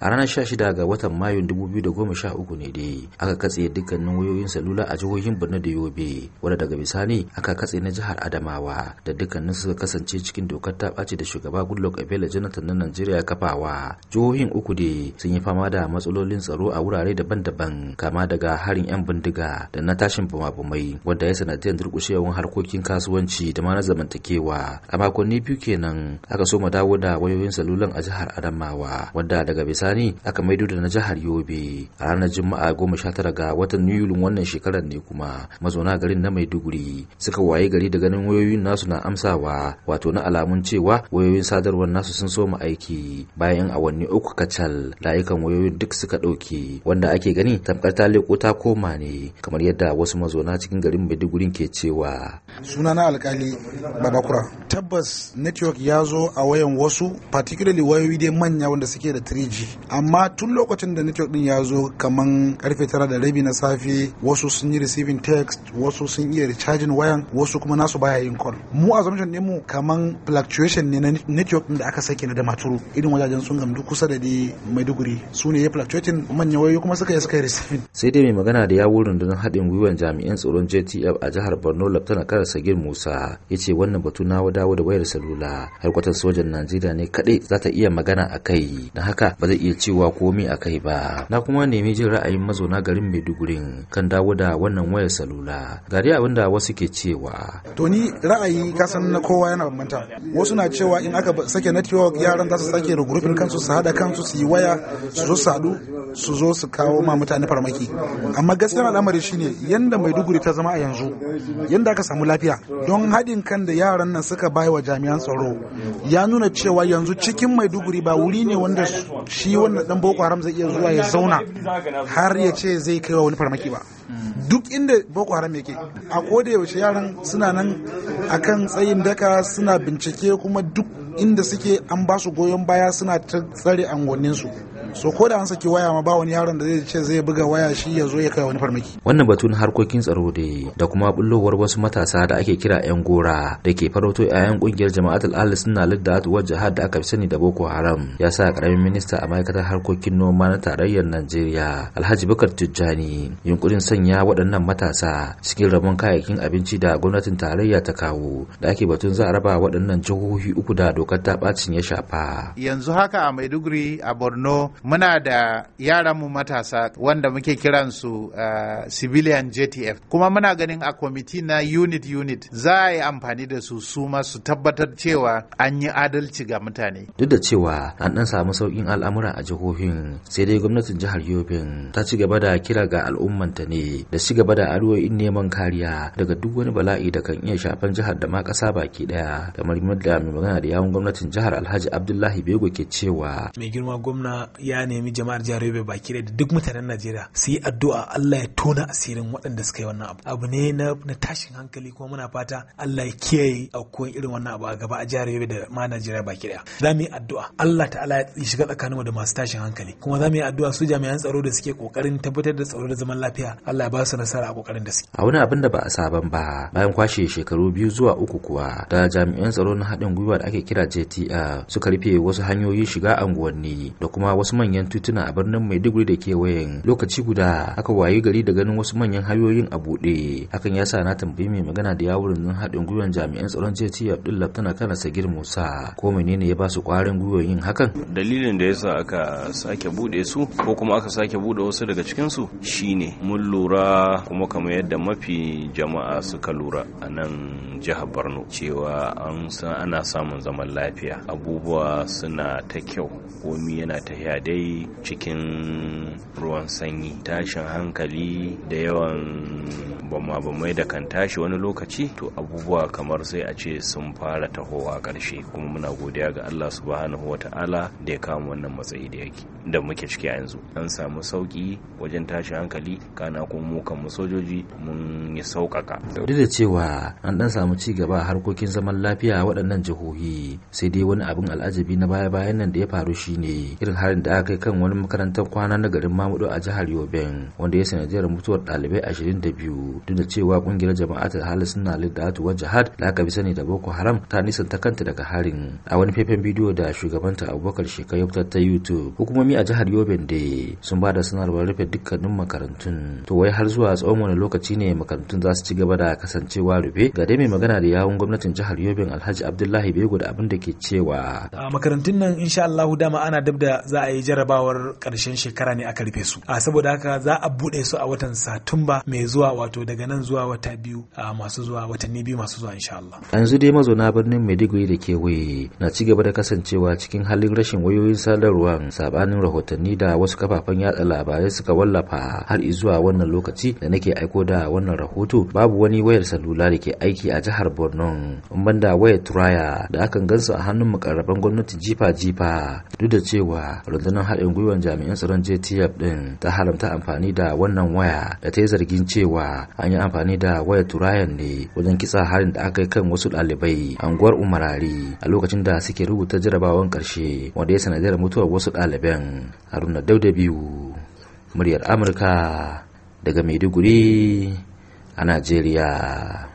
a ranar 16 ga watan mayun 2013 ne dai aka katse dukkanin wayoyin salula a jihohin borno da yobe wadda daga bisani aka katse na jihar adamawa da dukkanin suka kasance cikin dokar ta ɓace da shugaba goodluck abela jonathan na najeriya kafawa jihohin uku dai sun yi fama da matsalolin tsaro a wurare daban-daban kama daga harin yan bindiga da na tashin bumabumai wanda ya sanadiyar durƙushewar harkokin kasuwanci da ma na zamantakewa a makonni biyu kenan aka so mu dawo da wayoyin salulan a jihar adamawa wadda daga bisani Fulani aka maido da na jihar Yobe a ranar Juma'a goma sha tara ga watan Yulin wannan shekarar ne kuma mazauna garin na Maiduguri suka waye gari da ganin wayoyin nasu na amsawa wato na alamun cewa wayoyin sadarwar nasu sun soma aiki bayan awanni uku kacal layukan wayoyin duk suka ɗauke wanda ake gani tamkar ta leko ta koma ne kamar yadda wasu mazauna cikin garin Maiduguri ke cewa. suna na alkali Babakura tabbas network ya zo a wayan wasu particularly wayoyi dai manya wanda suke da 3G amma tun lokacin da network din ya zo kaman karfe tara da rabi na safe wasu sun yi receiving text wasu sun iya recharging wayan wasu kuma nasu baya yin call mu assumption ne mu kaman fluctuation ne na network din da aka sake na da maturu irin wajajen sun gamdu kusa da mai duguri su ne ya fluctuating manyan wayoyi kuma suka yi suka yi receiving sai dai mai magana da yawun don haɗin gwiwar jami'an tsaron JTF a jihar Borno Laftana Kara Sagir Musa ya ce wannan batu na dawo da wayar salula harkwatar sojan Najeriya ne kaɗai za ta iya magana a kai na haka ba zai iya iya cewa komai a kai ba na kuma nemi jin ra'ayin mazauna garin Maiduguri kan dawo da wannan wayar salula gari abin da wasu ke cewa to ni ra'ayi kasan na kowa yana bambanta wasu na cewa in aka sake network yaran za su sake regrouping kansu su hada kansu su yi waya su zo su hadu su zo su kawo ma mutane farmaki amma gaskiyar al'amari shine yanda Maiduguri ta zama a yanzu yanda aka samu lafiya don haɗin kan da yaran nan suka bai wa jami'an tsaro ya nuna cewa yanzu cikin Maiduguri ba wuri ne wanda shi wannan dan boko haram zai iya zuwa ya zauna har ya ce zai kai wa wani farmaki ba duk inda boko haram yake a koda yaushe yaran suna nan a kan tsayin daka suna bincike kuma duk inda suke an ba su goyon baya suna ta tsare su so ko da an saki waya ma ba wani yaron da zai ce zai buga waya shi ya zo ya kai wani farmaki wannan batun harkokin tsaro da da kuma bullowar wasu matasa da ake kira yan gora da ke farauto yayan kungiyar jama'atul ahli sunna liddat wa jihad da aka fi sani da boko haram ya sa karamin minista a ma'aikatar harkokin noma na tarayyar Najeriya Alhaji Bakar Tijjani yunkurin sanya waɗannan matasa cikin rabon kayayyakin abinci da gwamnatin tarayya ta kawo da ake batun za a raba waɗannan jihohi uku da dokar ta bacin ya shafa yanzu haka a Maiduguri a Borno muna da yaran mu matasa wanda muke kiransu uh, civilian JTF kuma muna ganin a kwamiti na unit unit za a yi amfani da su su masu tabbatar cewa an yi adalci ga mutane duk da cewa an dan samu sauƙin al'amura a jihohin sai dai gwamnatin jihar Yobin ta ci gaba da kira ga al'ummanta ne da ci gaba da addu'o'in neman kariya daga duk wani bala'i da kan iya shafan jihar da ma ƙasa baki ɗaya, kamar yadda mai magana da yawun gwamnatin jihar Alhaji Abdullahi Bego ke cewa mai girma gwamna ya nemi jama'ar jihar Yobe baki da duk mutanen Najeriya su yi addu'a Allah ya tona asirin waɗanda suka yi wannan abu abu ne na tashin hankali kuma muna fata Allah ya kiyaye aukuwan irin wannan abu a gaba a jihar Yobe da ma Najeriya baki ɗaya. za mu yi addu'a Allah ta'ala ya shiga tsakaninmu da masu tashin hankali kuma za mu yi addu'a su jami'an tsaro da suke kokarin tabbatar da tsaro da zaman lafiya Allah ya ba su nasara a kokarin da suke a wani abin da ba a saban ba bayan kwashe shekaru biyu zuwa uku kuwa da jami'an tsaro na haɗin gwiwa da ake kira JTF suka rufe wasu hanyoyin shiga anguwanni da kuma wasu manyan tituna a birnin Maiduguri da kewayen lokaci guda aka wayi gari da ganin wasu manyan hayoyin a buɗe hakan ya sa na tambayi mai magana da yawurin haɗin gwiwar jami'an tsaron ci Abdullahi tana kana Sagir Musa ko menene ya ba su ƙwarin gwiwar hakan dalilin da yasa aka sake buɗe su ko kuma aka sake buɗe wasu daga cikin su shine mun lura kuma kamar yadda mafi jama'a suka lura a nan jihar Borno cewa an san ana samun zaman lafiya abubuwa suna ta kyau komi yana ta dai cikin ruwan sanyi tashin hankali da yawan bama-bamai da kan tashi wani lokaci to abubuwa kamar sai a ce sun fara tahowa ƙarshe kuma muna godiya ga Allah subhanahu wa ta'ala da ya kama wannan matsayi da yake da muke ciki a yanzu an samu sauki wajen tashin hankali kana kuma mu kan sojoji mun yi sauƙaƙa. Duk da cewa an ɗan samu ci gaba a harkokin zaman lafiya waɗannan jihohi sai dai wani abin al'ajabi na baya-bayan nan da ya faru shine irin harin da aka kan wani makarantar kwana na garin mamudu a jihar yobe wanda ya sanadiyar mutuwar dalibai ashirin da biyu duk da cewa kungiyar ta hali suna lidatu wa jihad da aka bi sani da boko haram ta nisanta kanta daga harin a wani faifan bidiyo da shugabanta abubakar shekaru ta youtube hukumomi a jihar yobe da sun ba da sanarwar rufe dukkanin makarantun to wai har zuwa tsawon wani lokaci ne makarantun za su ci gaba da kasancewa rufe ga dai mai magana da yawun gwamnatin jihar yobe alhaji abdullahi bego da abin da ke cewa makarantun nan insha allahu dama ana dab da za a yi jarabawar ƙarshen shekara ne aka rufe su a saboda haka za a buɗe su a watan satumba mai zuwa wato daga nan zuwa wata biyu a masu zuwa watanni biyu masu zuwa insha Allah yanzu dai mazauna birnin Maiduguri da kewaye na ci gaba da kasancewa cikin halin rashin wayoyin sadarwa sabanin rahotanni da wasu kafafen yada labarai suka wallafa har zuwa wannan lokaci da nake aiko da wannan rahoto babu wani wayar salula da ke aiki a jihar Borno banda wayar Turaya da akan gansu a hannun mukarraban gwamnati jifa jifa duk da cewa rundunar rundunar haɗin gwiwar jami'an tsaron jtf ɗin ta haramta amfani da wannan waya da ta yi zargin cewa an yi amfani da wayar turayen ne wajen kitsa harin da aka yi kan wasu ɗalibai anguwar umarari a lokacin da suke rubuta jarabawan ƙarshe wanda ya sanadiyar mutuwar wasu ɗaliban haruna dauda biyu muryar amurka daga maiduguri a najeriya